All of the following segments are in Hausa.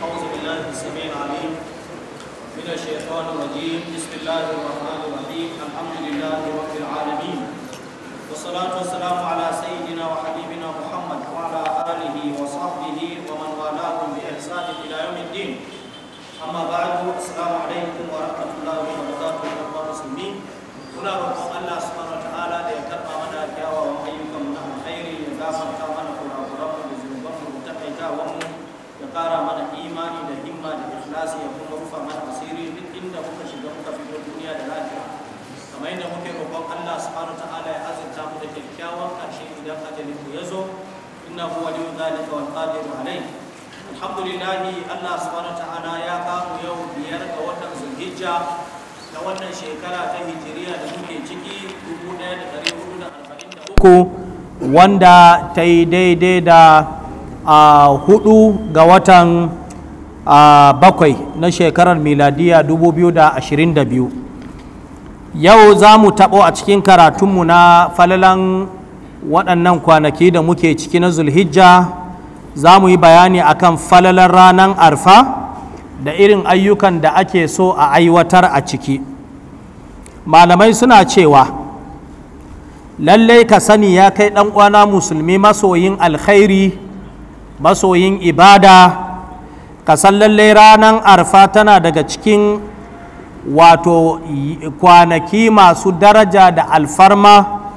أعوذ بالله السميع العليم من الشيطان الرجيم بسم الله الرحمن الرحيم الحمد لله رب العالمين والصلاة والسلام على سيدنا وحبيبنا محمد وعلى آله وصحبه ومن والاه بإحسان إلى يوم الدين أما بعد السلام عليكم ورحمة الله وبركاته أيها المسلمين muna roƙon Allah subhanahu wataala da ya karɓa mana kyawawan ayyukan mu na alkhairi ya gafarta mana ya ƙara mana imani da himma da ikhlasi ya kuma rufa mana asiri duk inda muka shiga muka fito duniya da lafiya kamar yadda muke roƙon Allah subhanahu ta'ala ya azurta mu da kyakkyawan ƙarshe idan ajalin ku ya zo inna huwa waliyu zalika wal qadiru alayhi alhamdulillah Allah subhanahu ta'ala ya kawo yau biyar ga watan zulhijja na wannan shekara ta hijiriya da muke ciki 1443 wanda ta yi daidai da a hudu ga watan bakwai na shekarar miladiya 2022 yau za mu taɓo a cikin karatunmu na falalan waɗannan kwanaki da muke ciki na zulhijja za mu yi bayani a kan falalan ranar arfa da irin ayyukan da ake so a aiwatar a ciki malamai suna cewa lallai ka sani ya kai ɗan uwana musulmi masoyin alkhairi masoyin ibada kasan lalle ranar arfa tana daga cikin wato kwanaki masu daraja da alfarma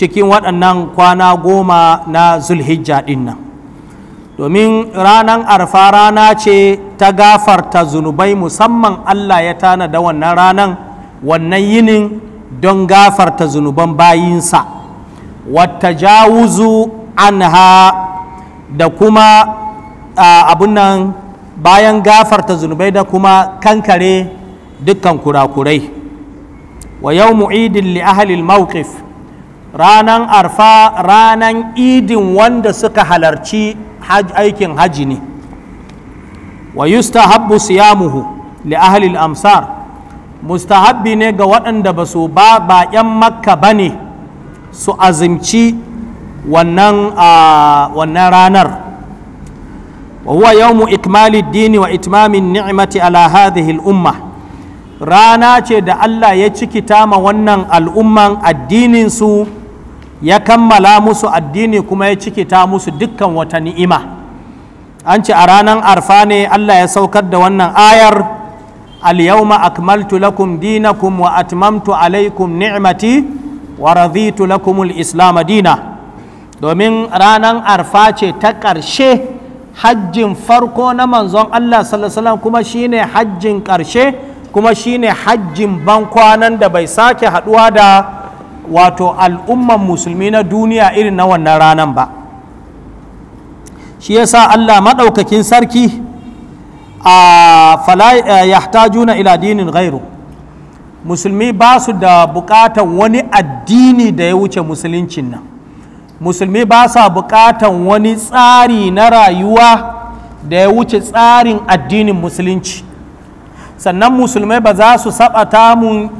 cikin waɗannan kwana goma na zulhijja ɗin domin ranar arfa rana ce ta gafarta zunubai musamman allah ya tana da wannan ranan wannan yinin don gafarta zunuban bayinsa wata jawuzu anha da kuma abun nan bayan gafarta zunubai da kuma kankare dukkan kurakurai wa yau mu'idin li ahalil mawqif ranan arfa ranan idin wanda suka halarci aikin haji ne wa yustahabbu siyamuhu li ahalil amsar mustahabbi ne ga waɗanda ba su ba baƙen makka ba ne su azimci wannan wannan ranar wa huwa yawmu ikmali dini wa itmamin ni'mati ala hadhihi al-umma rana ce da Allah ya cikita ma wannan al'umman addinin su ya kammala musu addini kuma ya cikita musu dukkan wata ni'ima an ce a ranar arfa ne Allah ya saukar da wannan ayar اليوم أكملت لكم دينكم وأتممت عليكم نعمتي ورضيت لكم الإسلام دينا domin ranar arfa ce ta ƙarshe hajjin farko na manzon Allah sallallahu kuma shine hajjin ƙarshe kuma shine hajjin bankwanan da bai sake haɗuwa da wato al'umman musulmi na duniya irin na wannan ranar ba shi ya sa Allah maɗaukakin sarki a ta ila dinin ghairu musulmi ba su da buƙatar wani addini da ya wuce musuluncin nan musulmi ba sa bukatan wani tsari na rayuwa da ya wuce tsarin addinin musulunci sannan musulmai ba za su saba mun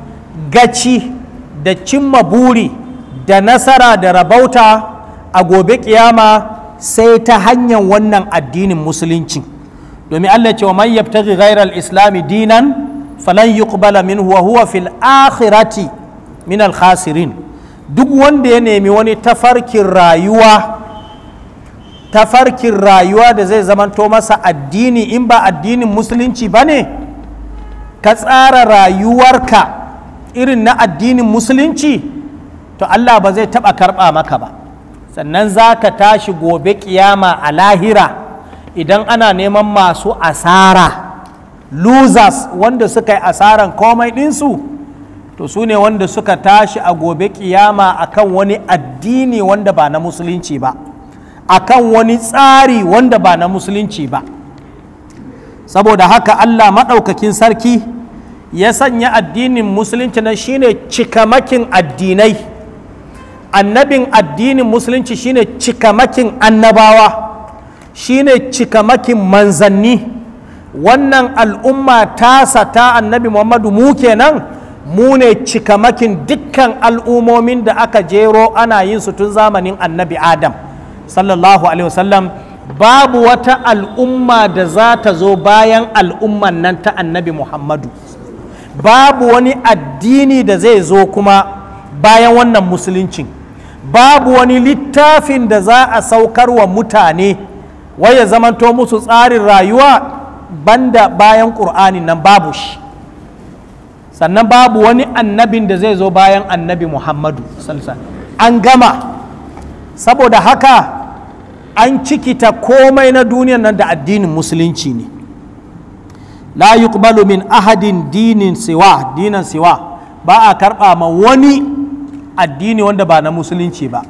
gaci da cimma buri da nasara da rabauta a gobe kiyama sai ta hanyar wannan addinin musulunci domin Allah ce wa man yabtaghi ghayra al-islam dinan falan yuqbala minhu wa huwa fil akhirati min al-khasirin duk wanda ya nemi wani tafarkin rayuwa tafarkin rayuwa da zai zamanto masa addini in ba addinin musulunci ba ne ka tsara rayuwarka irin na addinin musulunci to Allah ba zai taɓa karɓa maka ba sannan za ka tashi gobe kiyama a lahira idan ana neman masu asara losers wanda suka yi asaran komai ɗinsu to su ne wanda suka tashi a gobe kiyama akan wani addini wanda ba na musulunci ba akan wani tsari wanda ba na musulunci ba saboda haka Allah maɗaukakin sarki ya sanya addinin musulunci na shine cikamakin addinai annabin addinin musulunci shine cikamakin annabawa shine cikamakin manzanni wannan al'umma tasa ta annabi muhammadu mu kenan mu ne cikamakin dukkan al'umomin da aka jero ana yin su tun zamanin annabi adam sallallahu alaihi wasallam babu wata al'umma da za ta zo bayan al'umman nan ta annabi muhammadu babu wani addini da zai zo kuma bayan wannan musuluncin babu wani littafin da za a saukar wa mutane ya zamanto musu tsarin rayuwa banda bayan ƙur'anin nan babu shi sannan babu wani annabin da zai zo bayan annabi muhammadu an gama saboda haka an cikita komai na duniyar nan da addinin musulunci ne la yuqbalu min ahadin dinin siwa dinan siwa ba a karɓa ma wani addini wanda ba na musulunci ba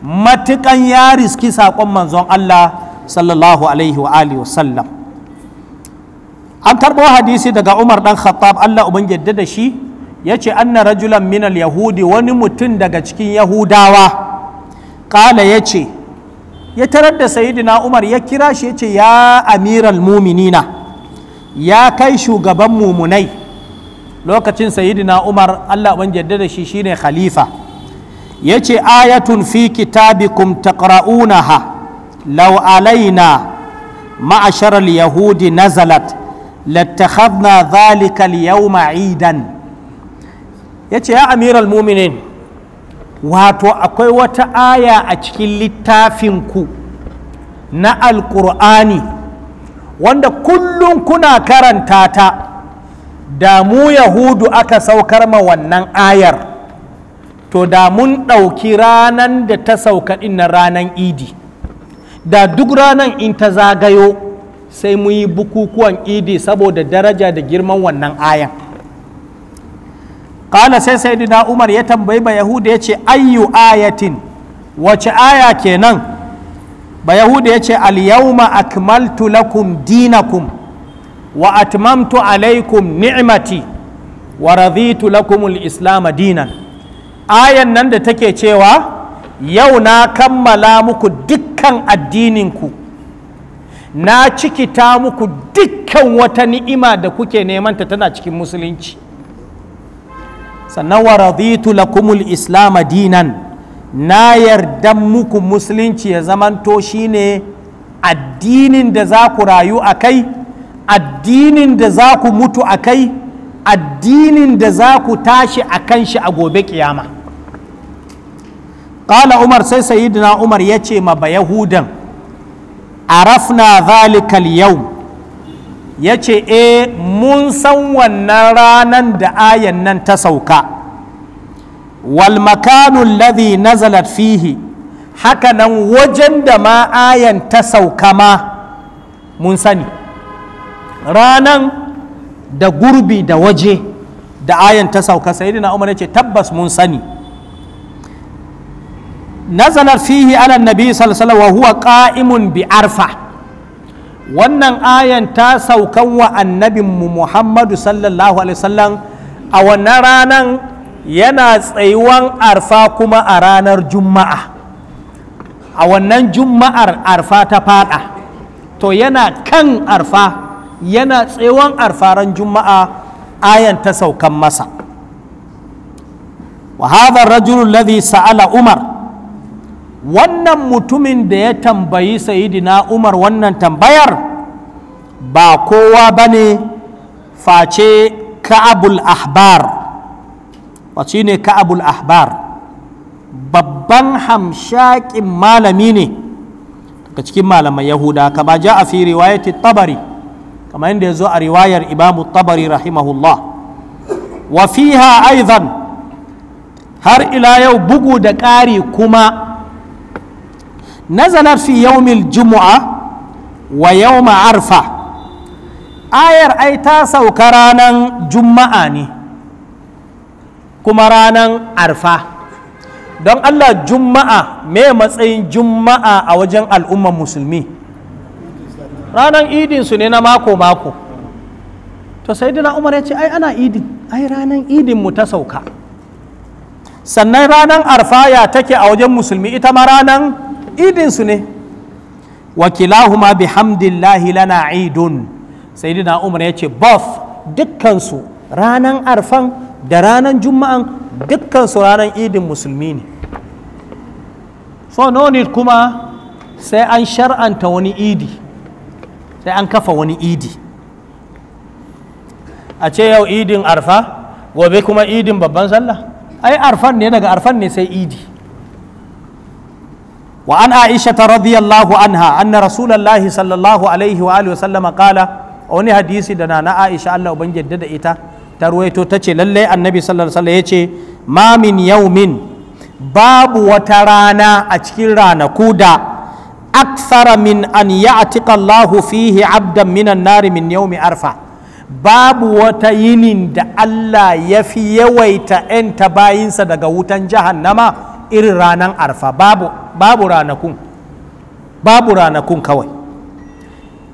matukan ya riski saƙon manzon Allah sallallahu alaihi wa alihi an karɓo hadisi daga umar ɗan khattab allah uban yadda da shi ya ce anna rajulan minal yahudi wani mutum daga cikin yahudawa ƙala ya ce ya tarar da sayidina umar ya kira shi ya ce ya amiral muminina ya kai shugaban mumunai lokacin sayidina umar allah uban yadda da shi shine khalifa ya ce ayatun fi kitabikum taqra'unaha law alaina ma'asharal yahudi nazalat na zalikal yawma idan yace ya amiral mu'minin wato akwai wata aya a cikin littafinku na Alƙur'ani wanda kullum kuna karanta ta da mu yahudu aka saukar ma wannan ayar to da mun ɗauki ranan da ta sauka na ranan idi da duk ranan in ta zagayo sai muyi yi bukukuwan idi saboda daraja da girman wannan ayan kala sai sayyidina umar ya tambayi ba yahuda ya ce ayyu ayatin wace aya kenan ba yahuda ya ce alyawma akmaltu lakum dinakum wa atmamtu alaikum ni'mati wa lakum al-islam dinan ayan nan da take cewa yau na kammala muku dukkan addininku na ciki ta muku dukkan wata ni'ima da kuke neman ta tana cikin musulunci sannan wa raditu lakumul islam dinan na yarda muku musulunci ya zamanto shine addinin da za ku rayu a kai addinin da za ku mutu a kai addinin da za ku tashi a kan shi a gobe kiyama ƙala umar sai sayidina umar ya ce ma bayahudan arafna zalikal yau ya ce e eh, mun san wannan ranan da ayan nan ta sauka wal makanun ladhi nazalat fihi haka nan wajen da ma ayan ta sauka ma mun sani ranan da gurbi da waje da ayan ta sauka sai umar ya ce tabbas mun sani nazalar fihi ala nabi sallallahu wa huwa qa'imun bi arfa wannan ayan ta saukan wa annabinmu muhammadu sallallahu alaihi wasallam a wannan ranan yana tsayuwan arfa kuma a ranar juma'a a wannan juma'ar arfa ta fada to yana kan arfa yana tsayuwan arfaran juma'a ayan ta saukan masa wa hadha rajulun ladhi sa'ala umar wannan mutumin da ya tambayi sayidina umar wannan tambayar ba kowa ba ne face ka'abul ahbar wace ne ka'abul ahbar babban hamshakin malami ne daga cikin malaman yahuda kama ja a fi riwayati tabari kama ya zo a riwayar imamu tabari rahimahullah wa fiha aizan har ila yau bugu da ƙari kuma nazalat fi yaumil jumu'a wa yauma arfa ayar ai ta sauka ranan juma'a ne kuma ranan arfa don allah juma'a me matsayin juma'a a wajen al'umman musulmi ranan idinsu ne na mako-mako to sai dina umar ya ce ai ana idin ai ranan idin mu ta sauka sannan ranan arfa ya take a wajen musulmi ita ma ranan idinsu ne wakilahuma kilahuma bihamdillahi lana idun dina umar ya ce both dukkansu ranan arfan da ranan juma'an dukkansu ranan idin musulmi ne so no need kuma sai an shar'anta wani idi sai an kafa wani idi a ce yau idin arfa gobe kuma idin babban sallah ai arfan ne daga arfan ne sai idi وعن عائشة رضي الله عنها أن رسول الله صلى الله عليه وآله وسلم قال أوني حديثي دنا نا عائشة الله وبنجد دد إتا ترويتو تچي للي النبي صلى الله عليه وسلم يچي ما من يوم باب وترانا أتكرانا كودا أكثر من أن يعتق الله فيه عبدا من النار من يوم أرفع باب وتينين دا الله يفي يويت أنت باينسا دا جهنم irin ranar arfa babu babu ranakun babu ranakun kawai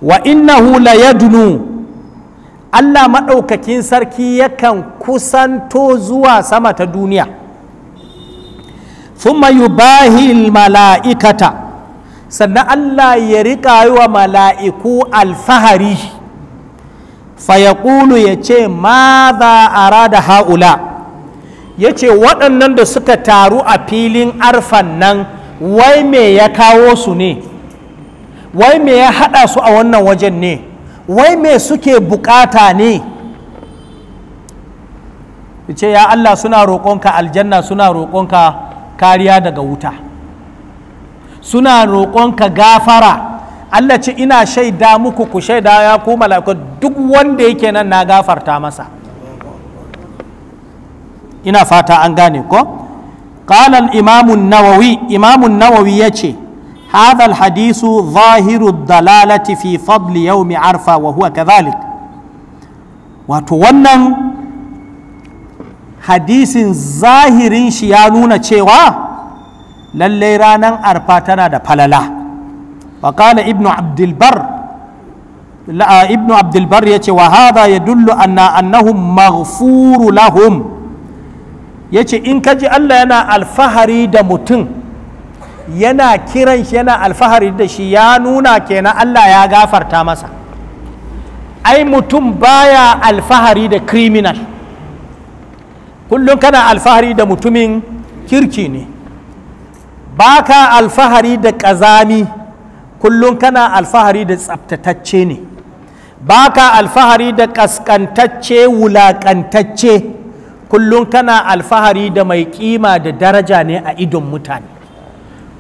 wa innahu la yadnu Allah maɗaukakin sarki yakan kusanto zuwa sama ta duniya thumma yubahil mala'ikata sannan Allah ya riƙa yi wa mala'iku alfahari Fayakulu ya ce ma za a rada ha'ula' ya ce waɗannan da suka taru a filin arfan nan wai me ya kawo su ne wai me ya haɗa su a wannan wajen ne wai me suke buƙata ne ce ya Allah suna roƙonka aljanna suna roƙonka kariya daga wuta suna roƙonka gafara Allah ce ina shaida muku ku shaida ya ku mala'ikun duk wanda yake nan na gafarta masa ina fata an gane ko qala imamun nawawi yace hadha al hadisu zahiru dalalati fi fadli yawmi arfa wa huwa kadhalik wato wannan hadisin zahirin shi ya nuna cewa lallai ranar arfa tana da falala wa qala ibnu abdulbar yace عبد البر يتي وهذا يدل أن أنهم مغفور لهم ya ce in ka ji Allah yana alfahari da mutum yana kiran shi yana alfahari da shi ya nuna kenan Allah ya gafarta masa ai mutum baya alfahari da criminal kullum kana alfahari da mutumin kirki ne baka alfahari da ƙazami kullum kana alfahari da tsabtatacce ne baka alfahari da ƙasƙantacce wulaƙantacce kullum kana alfahari da mai kima da daraja ne a idon mutane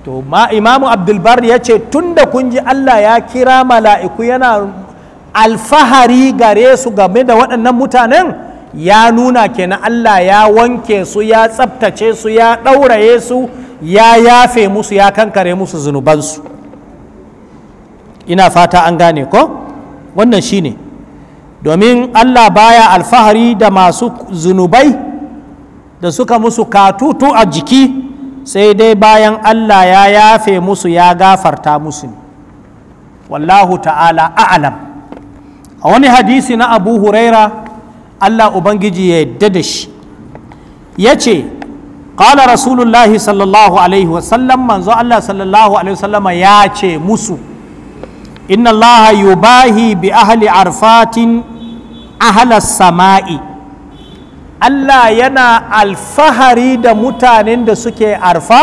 to ma imamu abdulbar ya ce tun da kun ji allah ya kira mala'iku yana alfahari gare su game da waɗannan mutanen ya nuna kenan allah ya wanke su ya tsabtace su ya ɗauraye su ya yafe musu ya kankare musu zunubansu ina fata an gane ko wannan shine domin Allah baya alfahari da masu zunubai da suka musu katutu a jiki sai dai bayan Allah ya yafe musu ya gafarta musu wallahu ta'ala a'alam a wani hadisi na abu huraira Allah Ubangiji ya yadda da shi ya ce ƙala rasulullahi sallallahu alaihi wasallam manzo Allah sallallahu alaihi wasallama ya ce musu inna Allah yubahi bi ahli arfatin ahalas sama'i Allah yana alfahari da mutanen da suke arfa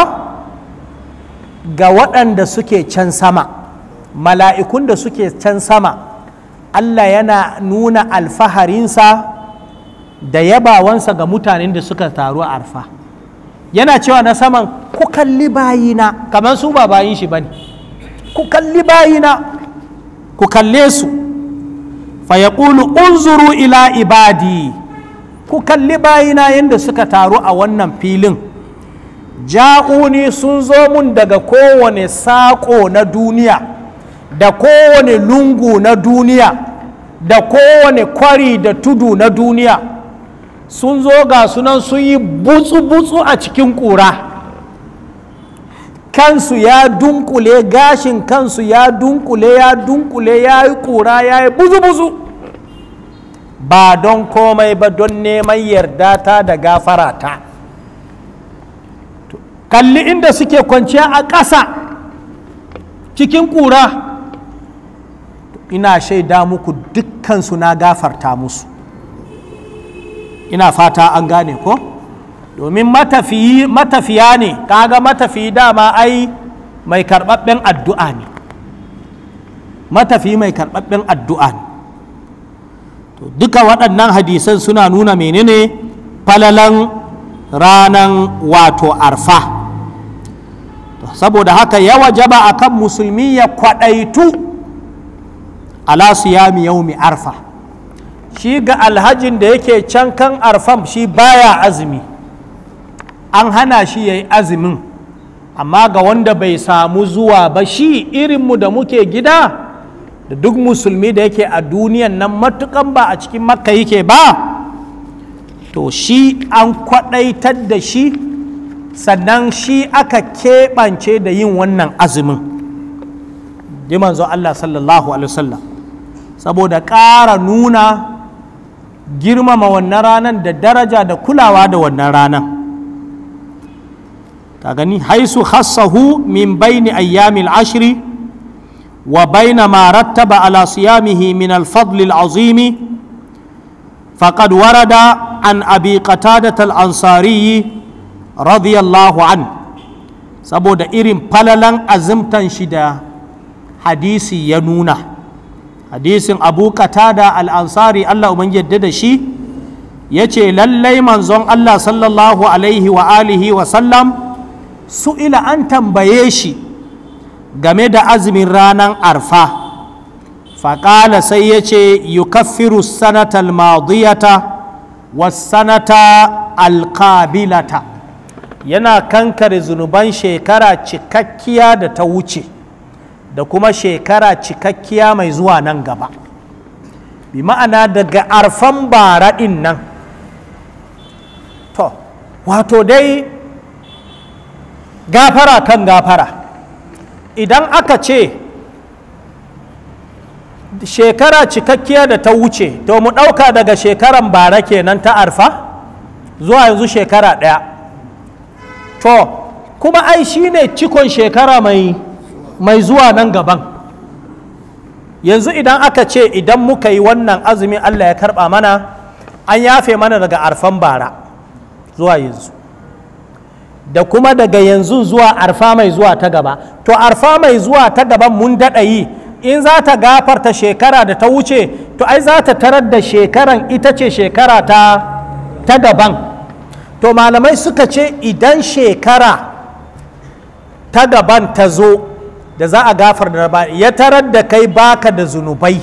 ga waɗanda suke can sama mala'ikun da suke can sama Allah yana nuna alfaharinsa da yabawansa ga mutanen da suka taru arfa yana cewa na saman ku kalli bayina kamar su ba bayin shi ba ku kalli bayina ku kalle su fa yaqulu unzuru ila ibadi ku kalli bayina yadda suka taru a wannan filin ja'uni sun zo mun daga kowane saƙo na duniya da kowane lungu na duniya da kowane kwari da tudu na duniya sun zo ga sunan sun yi butsu-butsu a cikin ƙura kansu ya dunkule gashin kansu ya dunkule ya dunkule ya yi ƙura ya yi buzu-buzu ba don komai ba don neman yarda ta da gafara ta kalli inda suke kwanciya a ƙasa cikin ƙura ina shaida muku dukkansu na gafarta musu ina fata an gane ko? domin matafiya ne kaga matafiyi dama ai mai karɓaɓɓen addu'a ne matafi mai karɓaɓɓen addu'a ne to duka waɗannan hadisan suna nuna menene falalan ranan wato arfa saboda haka ya wajaba a kan musulmi ya kwaɗaitu ala siyami yaumi arfa shi ga alhajin da yake can kan arfam shi baya azumi an hana shi ya yi azumin amma ga wanda bai samu zuwa ba shi irinmu da muke gida da duk musulmi da yake a duniyan nan matukan ba a cikin makka yake ba to shi an kwaɗaitar da shi sannan shi aka keɓance da yin wannan azumin manzo Allah sallallahu alaihi wasallam saboda ƙara nuna girmama wannan ranar da daraja da kulawa da wannan ranar ka gani haisu khassahu min baini ayyamil ashri wa baina ma rattaba ala siyamihi min al-fadl al-azimi faqad warada an abi qatadat al-ansari radiyallahu an saboda irin falalan azimtan shi da hadisi ya nuna hadisin abu qatada al-ansari Allah uban yadda da shi ya ce lallai manzon Allah sallallahu alaihi wa alihi wa sallam su'ila an tambaye shi game da azumin ranar arfa faƙala sai ya ce sanatar maziyata wa wasanata alƙabilata yana kankare zunuban shekara cikakkiya da ta wuce da kuma shekara cikakkiya mai zuwa nan gaba bi ma'ana daga arfan bara ɗin nan to wato dai gafara kan gafara idan aka ce shekara cikakkiya da ta wuce to mu ɗauka daga shekaran bara kenan ta arfa zuwa yanzu shekara ɗaya to kuma ai shi ne cikon shekara mai mai zuwa nan gaban yanzu idan aka ce idan muka yi wannan azumin allah ya karɓa mana an yafe mana daga arfan bara zuwa yanzu da kuma daga yanzu zuwa arfa mai zuwa ta gaba to arfa mai zuwa ta gaba mun daɗa yi in za ta gafarta shekara da ta wuce to ai za ta tarar da shekaran ita ce shekara ta ta gaban to malamai suka ce idan shekara ta gaban ta zo da za a gafar da ba ya tarar da kai baka da zunubai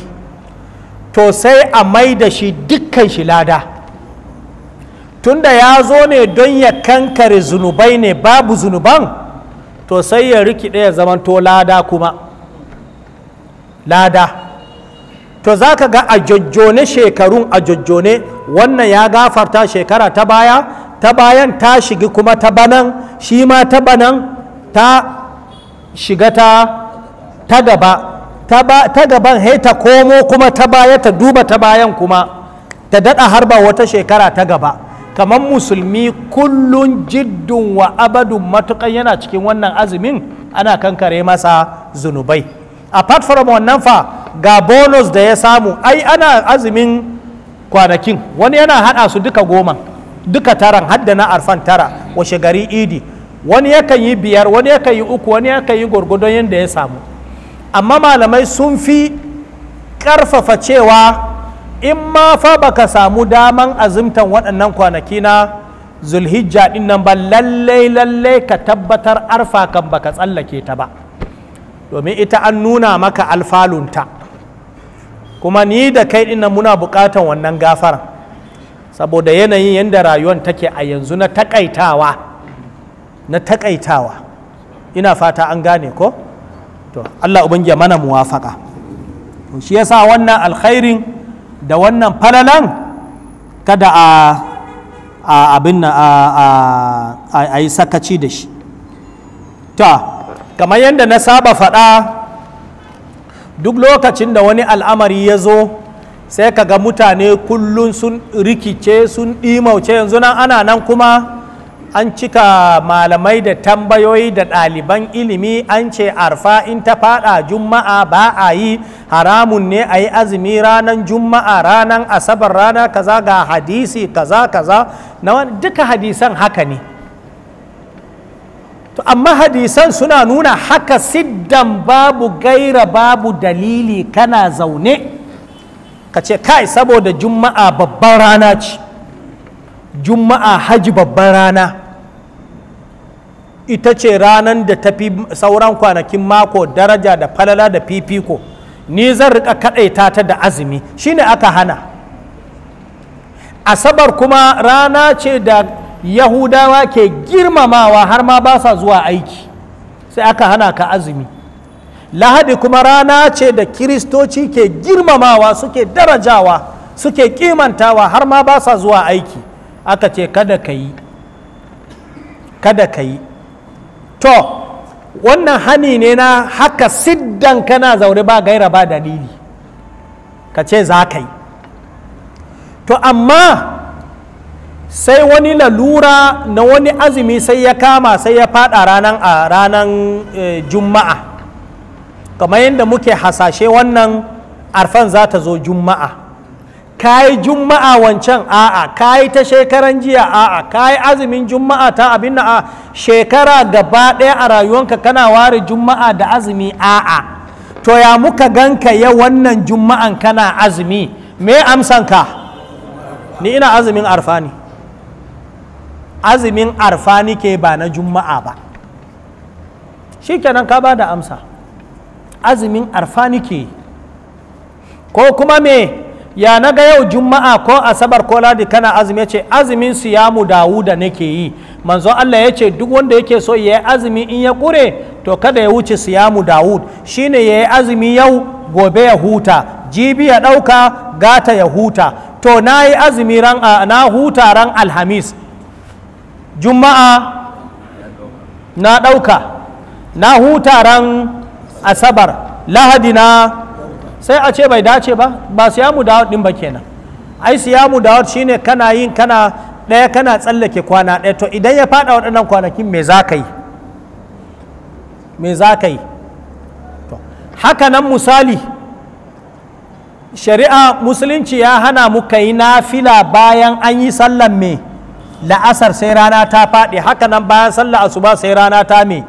to sai a mai da shi dukkan shi lada tunda ya zo ne don ya kankare zunubai ne babu zunuban to sai ya rikide ya zamanto lada kuma lada to za ka ga a jojjone shekarun a jojjone wannan ya gafarta shekara ta baya ta bayan ta shigi kuma ta banan shi ma ta banan ta shiga ta gaba ta gaban hai ta komo kuma ta baya ta duba ta bayan kuma ta daɗa harba wata shekara ta gaba kamar musulmi kullum jiddun wa abadun matukan yana cikin wannan azumin ana kankare masa zunubai apart from wannan fa ga bonus da ya samu ai ana azumin kwanakin wani yana haɗa su duka goma duka taran hadda na arfan tara washe gari idi wani yakan yi biyar wani yakan yi uku wani yakan yi gwargwadon yadda ya samu amma malamai sun fi karfafa cewa in ma fa baka samu daman azumtan waɗannan kwanaki na zulhijja ɗin nan ba lallai lallai ka tabbatar arfa kan baka tsallake ta ba domin ita an nuna maka alfalunta kuma ni da kai ɗin nan muna buƙatan wannan gafara saboda yanayin yadda rayuwan take a yanzu na takaitawa na takaitawa ina fata an gane ko to Allah ubangiya mana muwafaka shi yasa wannan alkhairin da wannan falalan kada a abin a yi sakaci da shi ta kamar yadda na saba faɗa duk lokacin da wani al'amari ya zo sai ka ga mutane kullum sun rikice sun ɗimauce yanzu nan ana nan kuma an cika malamai da tambayoyi da ɗaliban ilimi an ce arfa in ta faɗa juma'a ba a yi haramun ne a yi azumi ranar juma'a ranar asabar rana kaza ga hadisi kaza kaza na duka hadisan haka ne to amma hadisan suna nuna haka siddan babu gaira babu dalili kana zaune ka ce kai saboda juma'a babban rana ce juma'a haji babban rana ita ce ranar da ta fi sauran kwanakin mako daraja da falala da fifiko ni zan rika kaɗaita ta da azumi shine aka hana asabar kuma rana ce da yahudawa ke girmamawa har ma ba sa zuwa aiki sai aka hana ka azumi lahadi kuma rana ce da kiristoci ke girmamawa suke darajawa suke kimantawa har ma ba sa zuwa aiki aka ce kada ka yi kada ka yi to wannan hani ne na haka siddan kana zaune ba gaira ba dalili ka ce za ka yi to amma sai wani lalura na wani azumi sai ya kama sai ya fada ranan a ranan e, juma'a kamar yadda muke hasashe wannan arfan za ta zo juma'a ka yi juma'a wancan a'a ka yi ta shekaran jiya a'a ka yi azumin juma'a ta abin na a shekara gaba ɗaya a rayuwanka kana ware juma'a da azumi a'a to ya muka ganka ya wannan juma'an kana azumi me amsanka ni ina azumin arfa azumin arfa ke ba na juma'a ba shikenan ka ba da amsa azumin arfa ke ko kuma me ya na ga yau juma'a ko asabar ko ladi kana azumi yace azumin siyamu da nake yi manzo Allah ya ce duk wanda yake so ya yi azumi in ya kure to kada ya wuce siyamu dawud shine yi azumi yau gobe ya huta jibi ya dauka gata ya huta to na yi azumi na huta ran alhamis juma'a na dauka na huta ran asabar lahadi na sai a ce bai dace ba ba siyamu da din ba kenan ai siyamu dawud shine kana yin kana ɗaya kana tsallake kwana ɗaya to idan ya faɗa waɗannan kwanakin me za ka yi me za ka yi haka nan misali shari'a musulunci ya hana muka yi nafila bayan an yi sallan me la'asar sai rana ta faɗi haka nan bayan sallar asuba sai rana ta me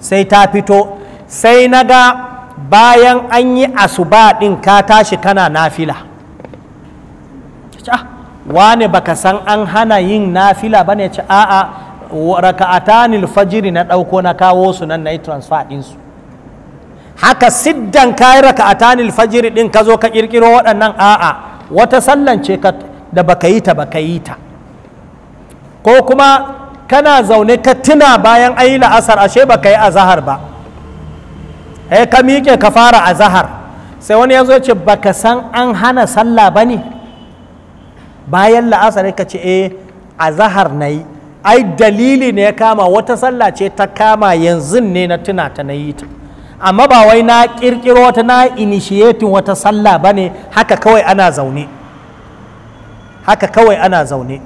sai ta fito sai na ga bayan an yi asuba ɗin ka tashi kana nafila ah, wane baka san an hana yin nafila bane ce a'a raka'atanil fajiri na ɗauko na kawo su nan na yi transfer ɗinsu haka siddan kayi raka'atanil fajiri ɗin ka zo ka ƙirƙiro waɗannan a'a wata sallan ce da baka yi ta baka yi ta ko kuma kana zaune ka tuna bayan ayi la'asar ashe baka yi azahar ba eh ka miƙe ka fara a zahar sai wani ya zo ce baka san an hana sallah ba ne bayan la'asar ka ce eh a zahar na yi ai dalili ne ya kama wata sallah ce ta kama yanzu ne na tuna ta na yi ta amma ba wai na kirkiro wata na initiating wata sallah ba ne haka kawai ana zaune haka kawai ana zaune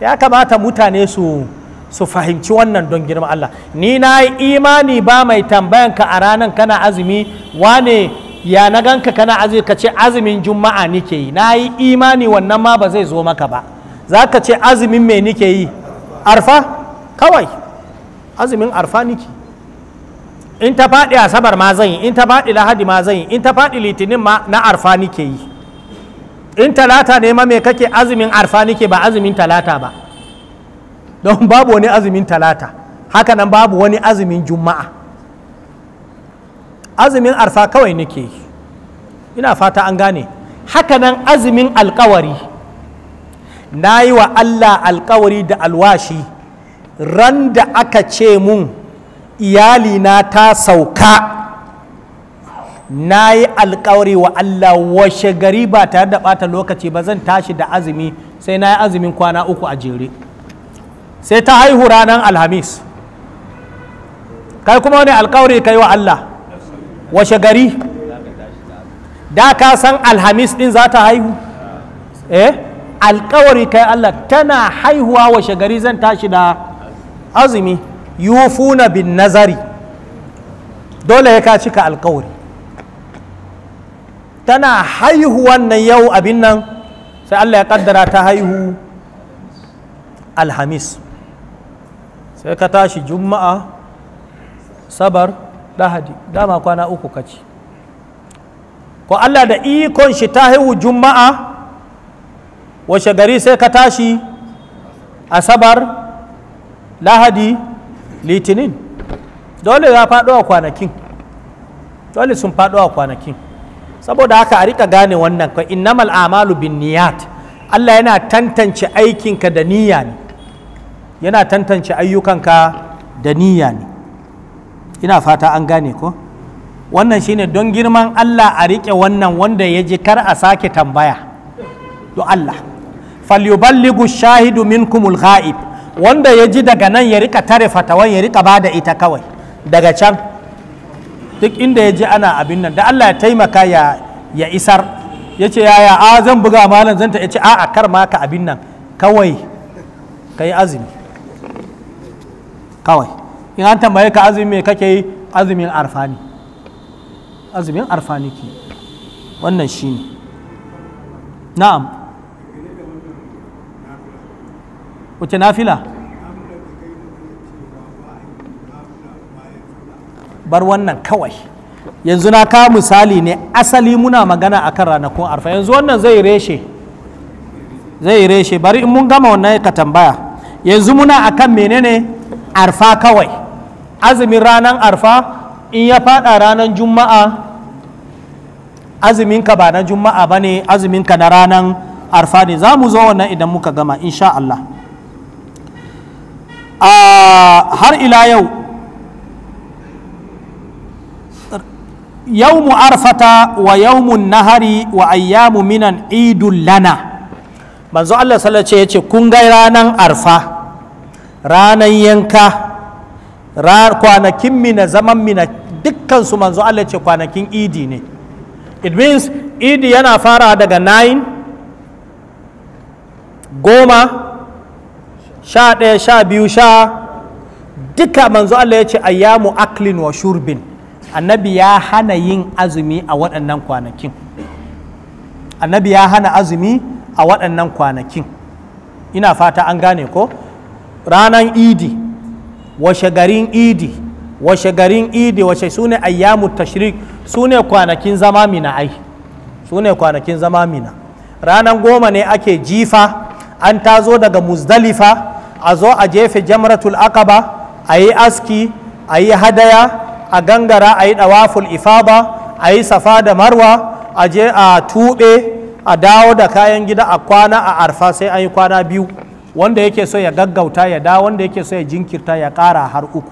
ya kamata mutane su su fahimci wannan don girma Allah ni na yi imani ba mai tambayan ka a ranar kana azumi wane ya na ganka kana azumi ka ce azumin juma'a nike yi na yi imani wannan ma ba zai zo maka ba za ka ce azumin me nike yi arfa kawai azumin arfa nike in ta faɗi asabar ma zan yi in ta faɗi lahadi ma zan yi in ta faɗi litinin ma na arfa nike yi in talata ne ma me kake azumin arfa nike ba azumin talata ba don babu wani azumin talata haka nan babu wani azumin juma'a azumin arfa kawai nake ina fata an gane haka nan azumin alkawari na yi wa allah alkawari da alwashi ran da aka ce mun iyalina ta sauka na yi alkawari wa Allah washe gari ba tare da bata lokaci ba zan tashi da azumi sai na yi azumin kwana uku a jere. sai ta haihu ranar alhamis kai kuma wani alkawari kai wa Allah washe gari da ka san alhamis din za ta haihu eh alkawari kai Allah tana haihuwa washe gari zan tashi da azumi yufuna bin nazari dole ya ka cika alkawari tana haihuwan nan yau abin nan sai Allah ya kaddara ta haihu alhamis sai ka tashi juma'a sabar lahadi dama kwana uku kaci ko Allah da ikon shi ta haihu juma'a washe gari sai ka tashi asabar lahadi litinin dole ya faɗo a kwanakin dole sun faɗo a kwanakin saboda haka a rika gane wannan kwa innamal amalu bin niyat Allah yana tantance aikinka da niyya ne yana tantance ayyukanka da niyya ne ina fata an gane ko wannan shine don girman Allah a riƙe wannan wanda ya ji kar a sake tambaya do Allah falyuballighu shahidu minkumul ghaib wanda ya ji daga nan ya rika tare fatawan ya rika bada ita kawai daga can duk inda ya ji ana abin nan da Allah ya taimaka ya ya isar ya ce yaya a zan buga malam zan ta ya ce a'a kar ma ka abin nan kawai kai azumi kawai in an tambaye ka azumi me kake yi azumin arfa ne azumin arfa ne ke wannan shi ne. na'am wace nafila bar wannan kawai yanzu na kawo misali ne asali muna magana akan ranakun arfa yanzu wannan zai reshe zai reshe bari in mun gama wannan ka tambaya yanzu muna akan menene arfa kawai azumin ranar arfa in ya fada ranar juma'a azuminka ba na juma'a ba ne azuminka na ranar arfa ne za mu zo wannan idan muka gama insha Allah har ila yau yau mu arfata wa yau mu nahari wa ayyamu minan idul lana manzo Allah sallallahu alaihi ya ce kun gai ranar arfa ranan yanka kwanakin mina zaman mina dukkan su manzo Allah ce kwanakin idi ne it means idi yana fara daga 9 goma sha ɗaya sha biyu sha duka manzo Allah ya ce ayyamu aklin wa shurbin annabi ya hana yin azumi a waɗannan kwanakin annabi ya hana azumi a waɗannan kwanakin ina fata an gane ko ranan idi washe garin idi washe garin idi washe su ne ayyamu tashrik su ne kwanakin zama mina ai su ne kwanakin zama mina ranan goma ne ake jifa an tazo daga muzdalifa a zo a jefe jamratul akaba a yi aski a yi hadaya a gangara a yi dawaful ifaba a yi safa da marwa a je a tuɓe a dawo da kayan gida a kwana a arfa sai an yi kwana biyu wanda yake so ya gaggauta ya da wanda yake so ya jinkirta ya kara har uku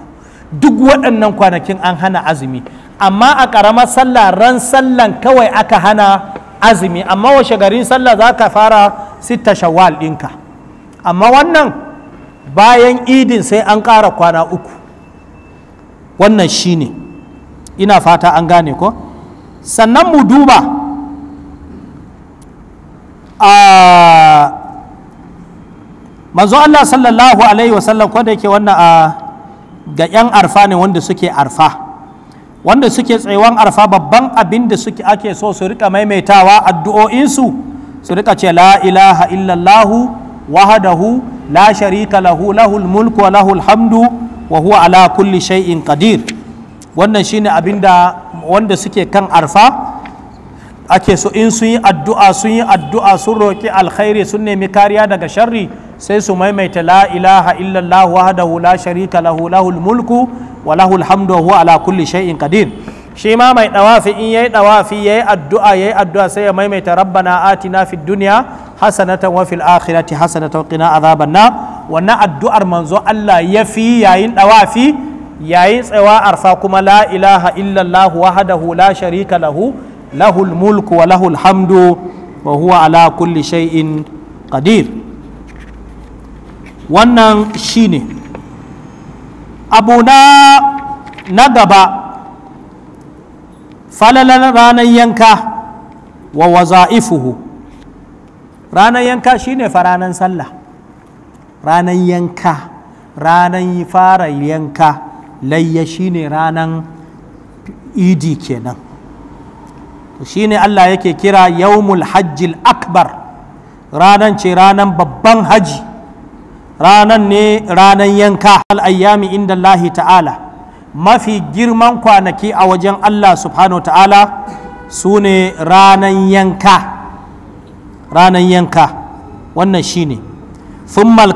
duk waɗannan kwanakin an hana azumi amma a ƙaramar sallah ran sallan kawai aka hana azumi amma washe garin sallah za ka fara sita shawal ɗinka amma wannan bayan idin sai an ƙara kwana uku wannan shine ina fata an gane ko sannan mu duba ah, manzo Allah sallallahu alaihi wasallam ko da yake wannan a ah, ga yan arfa ne wanda suke arfa wanda suke tsayuwan arfa babban abin da suke ake so su rika maimaitawa addu'o'insu su rika ce la ilaha illallah wahdahu la sharika lahu lahul mulku wa lahul hamdu wa huwa ala kulli shay'in qadir wannan shine abin da wanda suke kan arfa ake so in sun yi addu'a sun yi addu'a sun roki alkhairi sun nemi kariya daga sharri sai su maimaita la ilaha illallah wahdahu la sharika lahu lahul mulku wa lahul hamdu wa huwa ala kulli shay'in qadir shi ma mai dawafi in yayi dawafi yayi addu'a yayi addu'a sai ya maimaita rabbana atina fid dunya hasanatan wa fil akhirati hasanatan wa qina adhaban wannan addu'ar manzo Allah fi yayin dawafi yayin tsawa arfa kuma la ilaha illallah wahdahu la sharika lahu lahul mulku wa lahul hamdu wa huwa ala kulli shay'in qadir wannan shine abu na gaba falalan ranar yanka wa waza'ifuhu ranar yanka shine fa ranar sallah ranar yanka ranar fara yanka layya shine ranar idi kenan shine Allah yake kira yawmul hajjil akbar ranar ce ranar babban haji ranan ne ranan yanka al'ayyami inda Allahi ta'ala mafi girman kwanaki a wajen Allah subhanahu ta'ala su ne ranan yanka ranan yanka wannan shi ne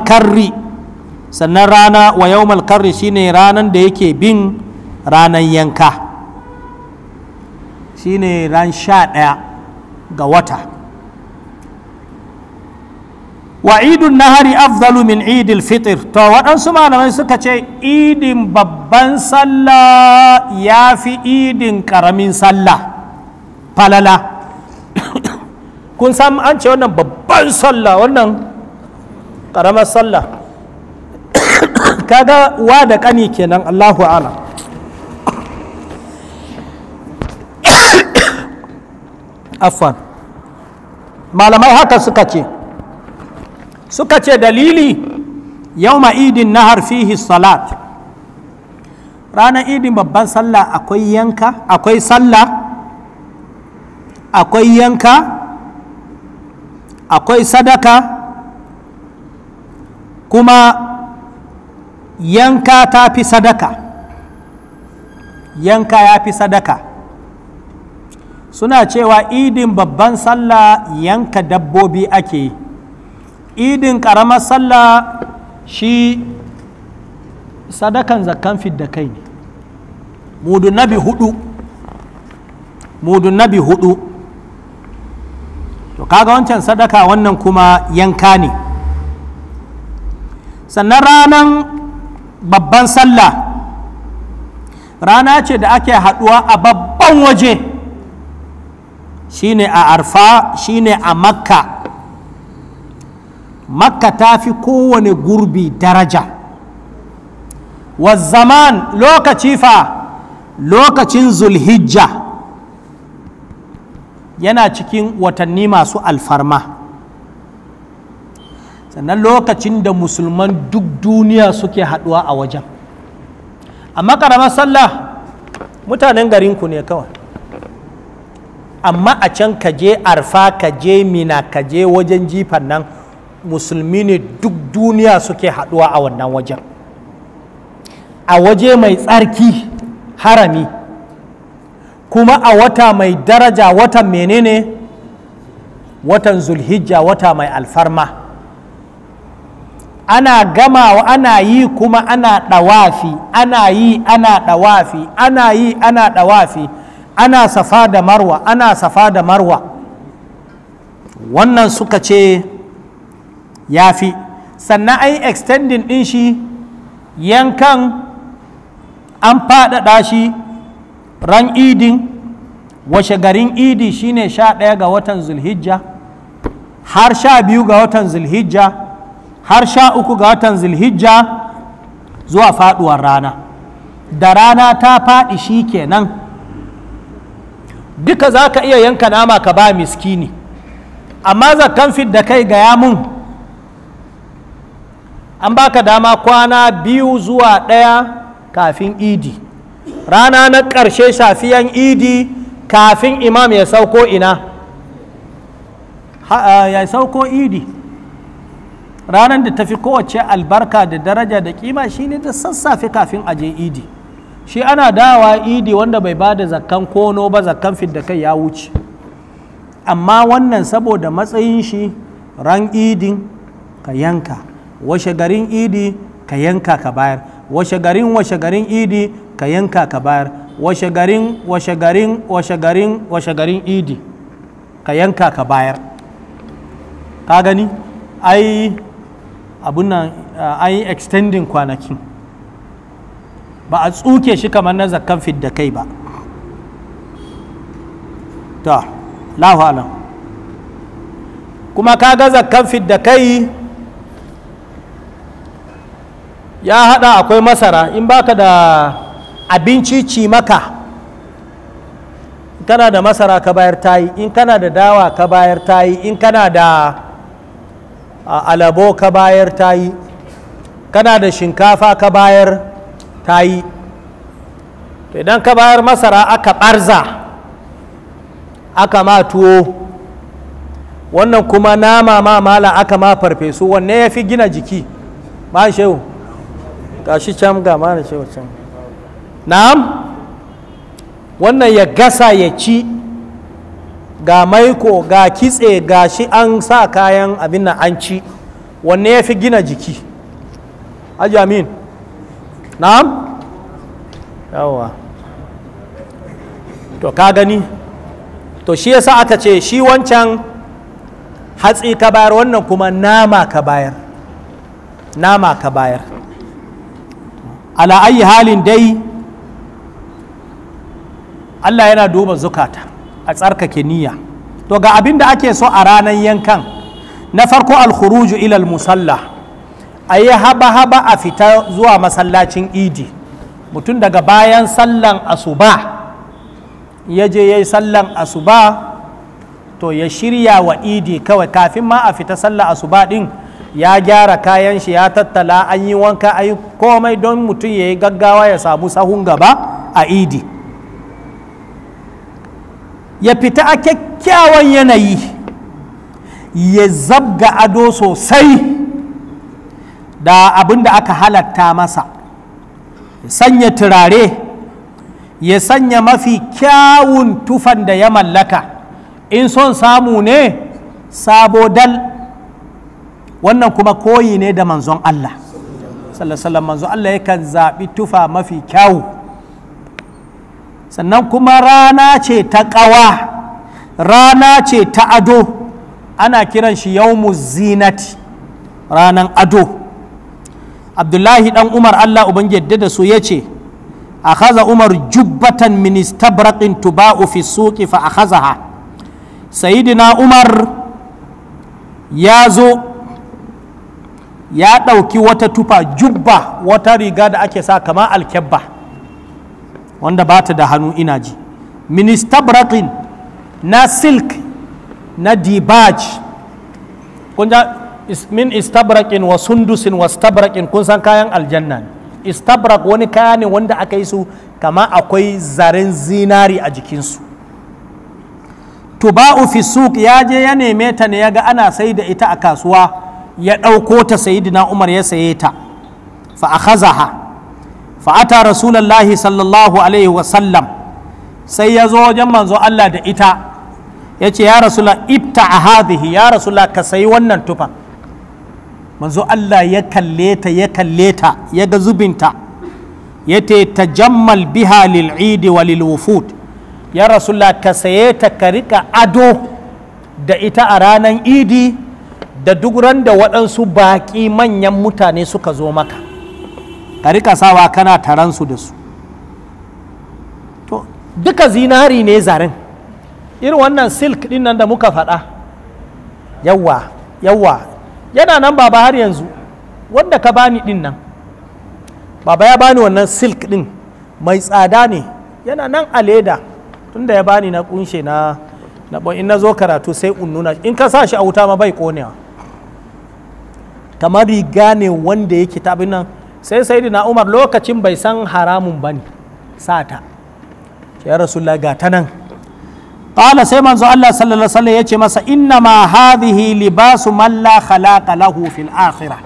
karri sannan rana wa yau karri shi ne ranan da yake bin ranan yanka shi ne ran sha ɗaya ga wata wa idun nahari afdalu min idil fitr to waɗansu malamai suka ce idin babban sallah ya fi idin ƙaramin sallah falala kun san an ce wannan babban sallah wannan ƙaramar sallah kaga wa da ƙani kenan allahu ala afwan malamai haka suka ce suka ce dalili ma idin na harfihi salat ranar idin babban sallah akwai yanka akwai sallah akwai yanka akwai sadaka kuma yanka ta fi sadaka yanka ya fi sadaka suna cewa idin babban sallah yanka dabbobi ake yi idin ƙaramar sallah shi sadakan zakkan fidda kai ne mudun nabi hudu mudun nabi hudu to kaga wancan sadaka wannan kuma yanka ne sannan ranan babban sallah rana ce da ake haduwa a babban waje shine a arfa shine a makka makka ta fi kowane gurbi daraja wa zaman lokaci fa lokacin zulhijja yana cikin watanni masu alfarma sannan lokacin da musulman duk duniya suke haɗuwa a wajen amma ƙaramar sallah mutanen garinku ne kawai amma a can kaje arfa kaje mina kaje wajen jifan nan musulmi ne duk duniya suke haduwa a wannan wajen a waje mai tsarki harami kuma a wata mai daraja watan menene watan zulhijja wata mai alfarma ana gamawa ana yi kuma ana ɗawafi ana yi ana ɗawafi ana yi ana ɗawafi ana safa da marwa ana safa da marwa wannan suka ce ya fi sannan ai extending ɗin shi yankan an faɗaɗa shi ran idin washe garin idi shine sha ɗaya ga watan zulhijja har sha biyu ga watan zulhijja har sha uku ga watan zulhijja zuwa faɗuwar rana da rana ta faɗi shi kenan duka za ka iya yanka nama ka ba miskini amma zakan fit da kai ga yamun an baka dama kwana biyu zuwa ɗaya kafin idi rana na ƙarshe safiyan idi kafin imam ya sauko ina ya sauko idi ranar da tafi kowace albarka da daraja da kima shine da sassafe kafin aje idi shi ana dawa idi wanda bai ba da zakkan kono ba zakkan kai ya wuce amma wannan saboda matsayin shi ran idin ka yanka washe garin idi ka yanka ka bayar washe garin washe garin idi ka yanka ka bayar washe garin washe garin washe garin washe garin idi ka yanka ka bayar ka gani ai abun nan eh, ai extending kwanakin ba a tsuke shi kamar na zakkan fidda kai ba ta lahu alam kuma ka ga zakkan fidda kai ya hada akwai masara in baka da abinci ci maka kana da masara ka bayar tayi in kana da dawa ka bayar tayi in kana da alabo ka bayar tayi kana da shinkafa ka bayar tayi to idan ka bayar masara aka barza aka ma tuwo wannan kuma nama ma mala aka ma farfesu wanne ya fi gina jiki ba shehu gashi can ga mana ce can na'am wannan ya gasa ya ci ga maiko ga kitse ga shi an sa kayan abin nan an ci wanne ya fi gina jiki ajamin na'am yawa to ka gani to shi yasa aka ce shi wancan hatsi ka bayar wannan kuma nama ka bayar nama ka bayar ala ayi halin dai Allah yana duba zukata a tsarkake niyya to ga abin da ake so a ranar yankan na farko alkhuruju ilal musalla a yi haba-haba a fita zuwa masallacin idi mutum daga bayan sallan asuba ya je ya yi sallan asuba to ya shirya wa idi kawai kafin ma a fita sallan asuba din ya gyara kayan shi ya tattala an yi wanka ayi komai don mutum ya yi gaggawa ya samu sahun gaba a idi ya fita a kyakkyawan yanayi ya zabga ado sosai da abin da aka halatta masa sanya turare ya sanya mafi kyawun tufan da ya mallaka in son samu ne sabo dal wannan kuma koyi ne da manzon Allah sallallahu manzon Allah yakan zaɓi tufa mafi kyawu sannan kuma rana ce ta ƙawa rana ce ta ado ana kiran shi yau zinati ranan ado abdullahi dan umar Allah uban da su ya ce أخذ عمر جبة من استبرق تباع في السوق Sayyidina Umar ya zo. ya ɗauki wata tufa jubba wata riga da ake sa kama alkyabba wanda ba ta da hannu ina ji ministabrakin na silk na dibaj ja min istabrakin wa sundusin wa stabrakin kun san kayan aljanna istabrak wani kaya ne wanda aka yi su kama akwai zaren zinari a jikinsu tuba'u fi suk ya je ya neme ta ne ya ga ana sai da ita a kasuwa ya ɗauko ta sayidina umar ya saye ta fa akhazaha fa ata rasulullahi sallallahu alaihi wasallam sai ya zo wajen manzo Allah da ita ya ce ya rasula ibta a hadhihi ya rasula ka sayi wannan tufa manzo Allah ya kalle ta ya kalle ta ya ga zubinta ya ce tajammal biha lil idi wa lil wufud ya rasula ka saye ta ka rika ado da ita a ranar idi da duk ran da waɗansu baƙi manyan mutane suka zo maka ka rika sawa kana taransu da su to duka zinari ne zaren irin wannan silk ɗin nan da muka faɗa yawa yawa yana nan baba har yanzu wanda ka bani ɗin nan baba ya bani wannan silk ɗin mai tsada ne yana nan a leda tunda ya bani na kunshe na na in na zo karatu sai in ka sa shi a wuta ma bai konewa kamar riga ne wanda yake tabi nan sai sai na umar lokacin bai san haramun ba ne sata ya rasulullah ga ta nan ƙala sai manzo Allah sallallahu alaihi wasallam ce masa inna ma hadhihi libasu man la khalaqa lahu fil akhirah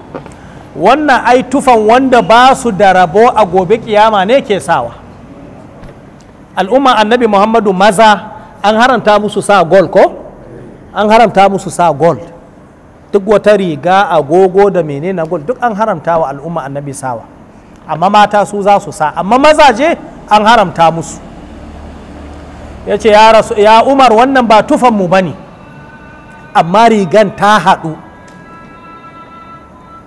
wannan ai tufan wanda ba su da rabo a gobe kiyama ne ke sawa al'umma annabi Muhammadu maza an haramta musu sa gold ko an haramta musu sa gold duk wata riga agogo da menene gol duk an haramta wa al'umma annabi sawa amma mata su za su sa amma mazaje an haramta musu ya ce ya umar wannan ba tufanmu ba ne amma rigan ta haɗu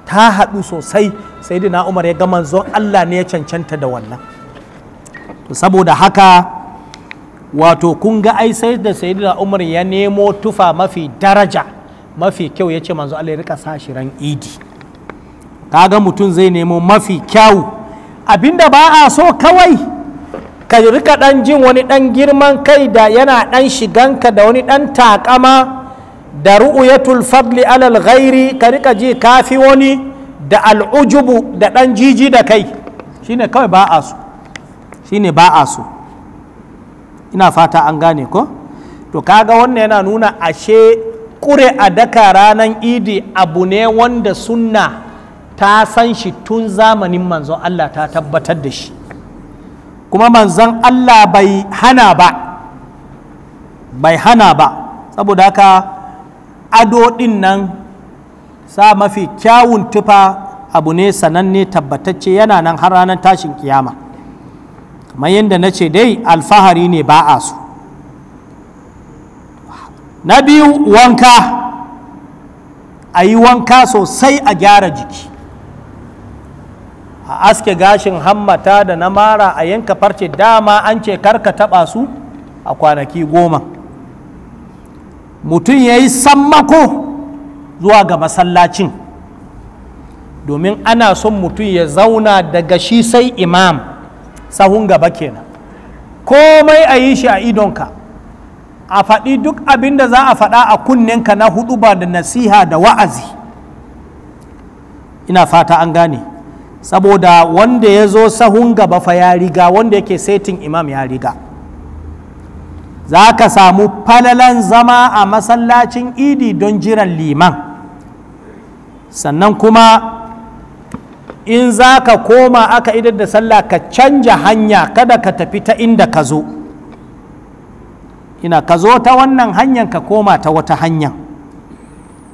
ta haɗu sosai sai dina umar ya gama manzon allah ne ya cancanta da wannan saboda haka wato kun ga ai sai da sayyidina umar ya nemo tufa mafi daraja mafi kyau ya ce manzo Allah ya rika sa ran idi kaga mutum zai nemo mafi kyau abinda ba a so kawai ka rika dan jin wani dan girman kai da yana dan shiganka da wani dan takama da ru'uyatul fadli alal ghairi ka rika ji kafi wani da al'ujubu da dan jiji da kai shine kawai ba a so shine ba a so ina fata an gane ko to kaga wannan yana nuna ashe Kure a daka ranar idi abu ne wanda sunna ta san shi tun zamanin manzon Allah ta tabbatar da shi kuma manzon Allah bai hana ba bai hana ba saboda haka ado dinnan nan sa mafi kyawun tufa abu ne sananne tabbatacce yana nan har ranar tashin kiyama kamar yadda na ce dai alfahari ne ba a su na biyu wanka a yi wanka sosai a gyara jiki a aske gashin hammata da na mara a yanka farce dama an ce karka taba su a kwanaki goma mutum ya yi sammako zuwa ga masallacin domin ana son mutum ya zauna daga shi sai imam sahun gaba kenan komai a yi shi a idonka a faɗi duk abin da za a faɗa a kunnen ka na hudu ba da nasiha da wa'azi ina fata an gane saboda wanda ya zo sahun gaba fa ya riga wanda yake setin imam ya riga za ka samu falalan zama a masallacin idi don jiran liman sannan kuma in za ka koma aka idar da sallah ka canja hanya kada ka tafi ta inda ka zo ina ka zo ta wannan hanyar ka koma ta wata hanya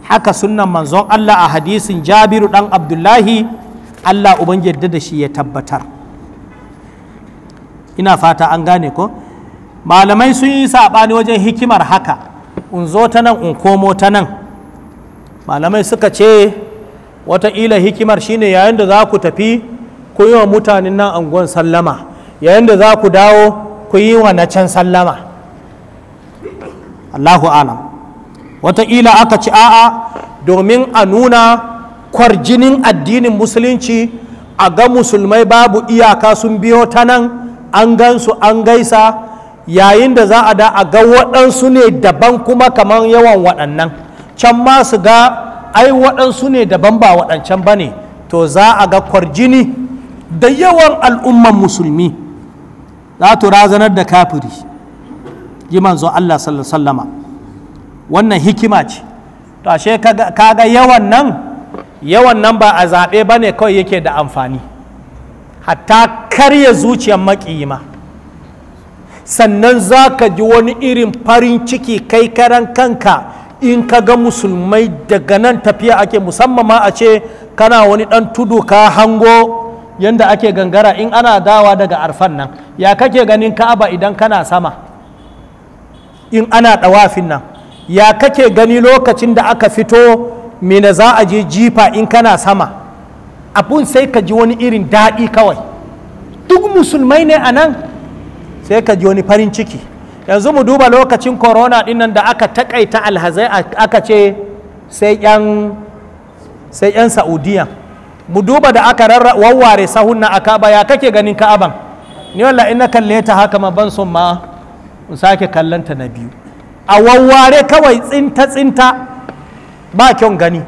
haka sunnan manzon Allah a hadisin jabiru dan abdullahi Allah uban yadda da shi ya tabbatar ina fata an gane ko malamai sun yi saɓani wajen hikimar haka in zo ta nan in komo ta nan malamai suka ce wataƙila hikimar shine yayin da za ku tafi ku yi wa mutanen nan anguwan sallama yayin da za ku dawo ku yi wa na can sallama Allahu alam wataƙila aka ci a'a domin a nuna kwarjinin addinin musulunci a ga musulmai babu iyaka sun biyo ta nan an gansu an gaisa yayin da za a da a ga waɗansu ne daban kuma kamar yawan waɗannan can ma su ga ai waɗansu ne daban ba waɗancan ba ne to za a ga kwarjini da yawan al'umman musulmi za ta razanar da kafiri ji manzon Allah sallama wannan hikima ce to ashe kaga yawan nan yawan nan ba a zaɓe ba ne kawai yake da amfani hatta karya zuciyar maƙima, sannan za ka ji wani irin farin ciki kai karan kanka in ka ga musulmai daga nan tafiya ake musamman ma a ce kana wani ɗan tudu ka hango yadda ake gangara in ana dawa daga arfan nan ya kake ganin ka'aba idan kana sama in ana ɗawafin nan ya kake gani lokacin da aka fito mina za a je jifa in kana sama abun sai ka ji wani irin daɗi kawai duk musulmai ne a nan sai ka ji wani farin ciki yanzu mu duba lokacin corona dinnan da aka taƙaita alhazai aka ce sai 'yan saudiya mu duba da aka wawware sahunna a kaba ya kake ganin ka'aban ni wallah in na kalle ta haka ma ban son ma ku sake kallanta na biyu a wawware kawai tsinta tsinta ba kyan gani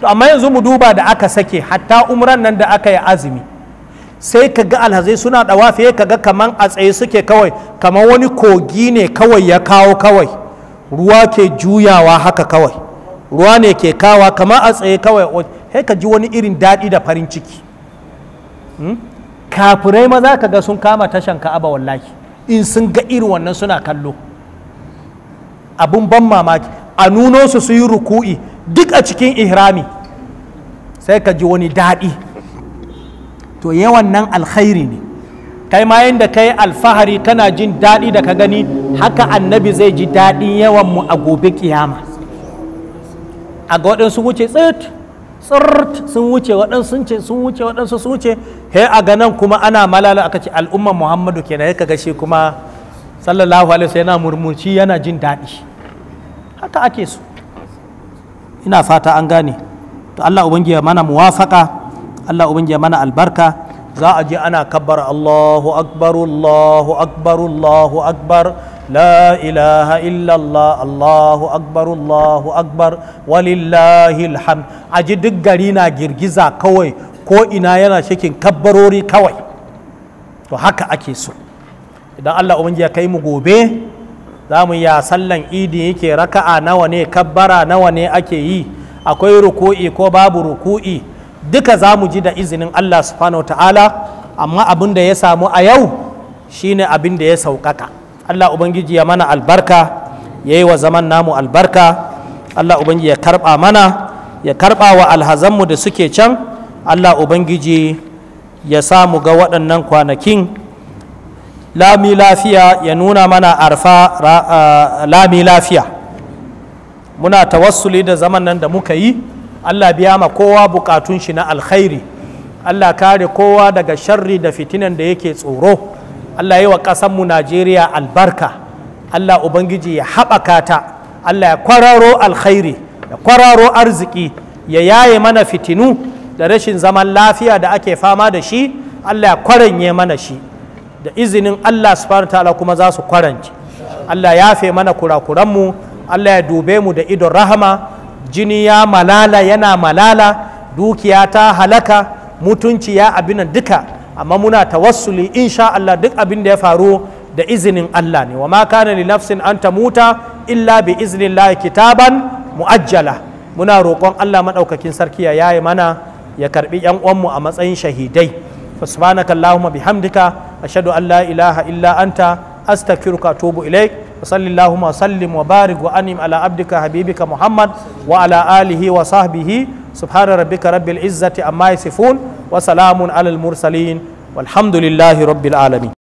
to amma yanzu mu duba da aka sake hatta umran nan da aka yi azumi sai ka ga alhazai suna fiye ka ga kaman a tsaye suke kawai kaman wani kogi ne kawai ya kawo kawai ruwa ke juyawa haka kawai ruwa ne ke kawa kaman a tsaye kawai sai ka ji wani irin daɗi da farin ciki hmm? kafirai maza ka ga sun kama tashan ka'aba wallahi in sun ga irin wannan suna kallo abun ban mamaki a nuno su su yi ruku'i duk a cikin ihrami sai ka ji wani daɗi to yawan nan alkhairi ne kai ma yadda kai alfahari kana jin daɗi da ka gani haka annabi zai ji daɗin yawan mu a gobe kiyama a ga waɗansu wuce tsit tsirt sun wuce waɗansu sun ce sun wuce waɗansu sun wuce he a ganan kuma ana malala aka ce al'umma muhammadu kenan yaka kaga shi kuma sallallahu alaihi wasallam yana murmurci yana jin daɗi haka ake so ina fata an gane to Allah ubangiya mana muwafaka Allah ubangiya mana albarka za a je ana kabbar Allahu akbar Allahu akbar Allahu akbar لا إله إلا الله الله أكبر الله أكبر ولله الحمد أجي دك غرينا جرجزا كوي كو إنا ينا شكين كبروري كوي to haka ake so idan Allah ubangi kai mu gobe za mu ya sallan idi yake raka'a nawa ne kabbara nawa ne ake yi akwai ruku'i ko babu ruku'i duka za mu ji da izinin Allah subhanahu ta'ala amma abin da ya samu a yau shine abin da ya sauƙaƙa Allah ubangiji ya mana albarka ya yi wa zaman namu albarka Allah ubangiji ya karba mana ya karba wa alhazanmu da suke can Allah ubangiji ya samu ga waɗannan kwanakin lami lafiya ya nuna mana arfa lami lafiya muna tawassuli da zaman nan da muka yi Allah biya ma kowa bukatun shi na alkhairi Allah kare kowa daga sharri da fitinan da yake tsoro Allah yi wa ƙasanmu Najeriya albarka Allah Ubangiji ya haɓaka ta Allah ya kwararo alkhairi ya kwararo arziki ya yaye mana fitinu da rashin zaman lafiya da ake fama da shi Allah ya kwaranye mana shi da izinin Allah subhanahu ta'ala kuma za su kwaranci. Allah ya fe mana kurakuranmu Allah ya dube mu da idon rahama jini ya malala yana malala dukiya ta halaka mutunci ya abinan duka amma muna tawassuli insha Allah duk abin da ya faru da izinin Allah ne wa ma kana li nafsin an tamuta illa bi iznillah kitaban muajjala muna roƙon Allah madaukakin sarki ya yaye mana ya karbi yan uwan mu a matsayin shahidai fa subhanakallahumma bihamdika ashhadu an la ilaha illa anta astaghfiruka wa atubu ilaik وصل اللهم وسلم وبارك وأنم على عبدك حبيبك محمد وعلى آله وصحبه سبحان ربك رب العزة أما يصفون وسلام على المرسلين والحمد لله رب العالمين